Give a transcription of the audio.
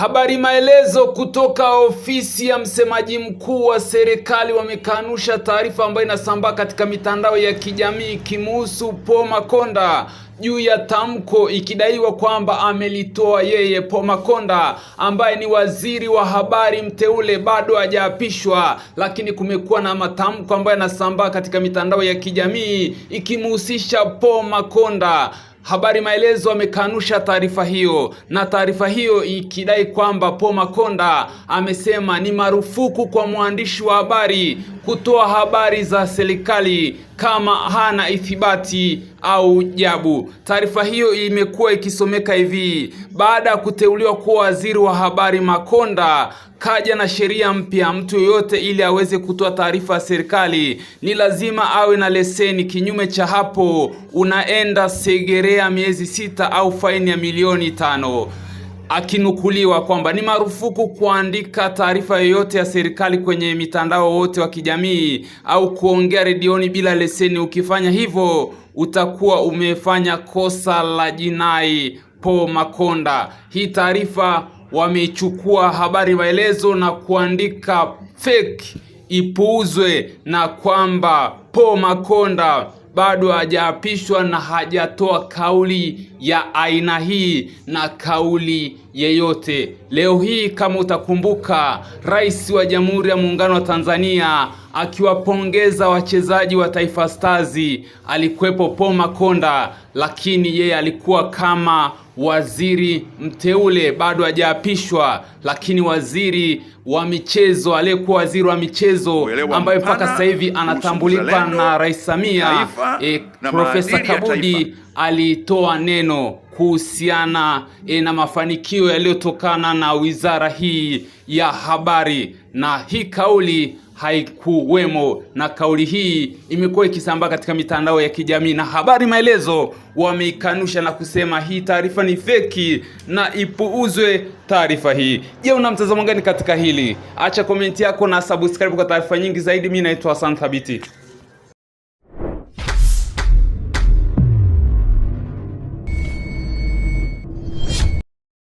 Habari maelezo kutoka ofisi ya msemaji mkuu wa serikali wamekanusha taarifa ambayo inasambaa katika mitandao ya kijamii kimuhusu Paul Makonda juu ya tamko ikidaiwa kwamba amelitoa yeye. Paul Makonda ambaye ni waziri wa habari mteule bado hajaapishwa, lakini kumekuwa na matamko ambayo yanasambaa katika mitandao ya kijamii ikimhusisha Paul Makonda Habari Maelezo amekanusha taarifa hiyo na taarifa hiyo ikidai kwamba Paul Makonda amesema ni marufuku kwa mwandishi wa habari kutoa habari za serikali kama hana ithibati au jabu. Taarifa hiyo imekuwa ikisomeka hivi: baada ya kuteuliwa kuwa waziri wa habari, Makonda kaja na sheria mpya, mtu yoyote ili aweze kutoa taarifa ya serikali ni lazima awe na leseni. Kinyume cha hapo, unaenda segerea miezi sita au faini ya milioni tano. Akinukuliwa kwamba ni marufuku kuandika taarifa yoyote ya serikali kwenye mitandao wote wa kijamii au kuongea redioni bila leseni. Ukifanya hivyo, utakuwa umefanya kosa la jinai. Po Makonda, hii taarifa wamechukua habari, maelezo na kuandika fake ipuuzwe, na kwamba Paul Makonda bado hajaapishwa na hajatoa kauli ya aina hii na kauli yeyote. Leo hii kama utakumbuka, Rais wa Jamhuri ya Muungano wa Tanzania akiwapongeza wachezaji wa Taifa Stars. Alikuwepo Paul Makonda, lakini yeye alikuwa kama waziri mteule, bado hajaapishwa, lakini waziri wa michezo aliyekuwa waziri wa michezo ambaye mpaka sasa hivi anatambulika na Rais Samia e, Profesa Kabudi alitoa neno kuhusiana e, na mafanikio yaliyotokana na wizara hii ya habari, na hii kauli haikuwemo, na kauli hii imekuwa ikisambaa katika mitandao ya kijamii, na habari maelezo wameikanusha na kusema hii taarifa ni feki na ipuuzwe taarifa hii. Je, una mtazamo gani katika hili? Acha komenti yako na subscribe kwa taarifa nyingi zaidi. Mimi naitwa Hassan Thabiti.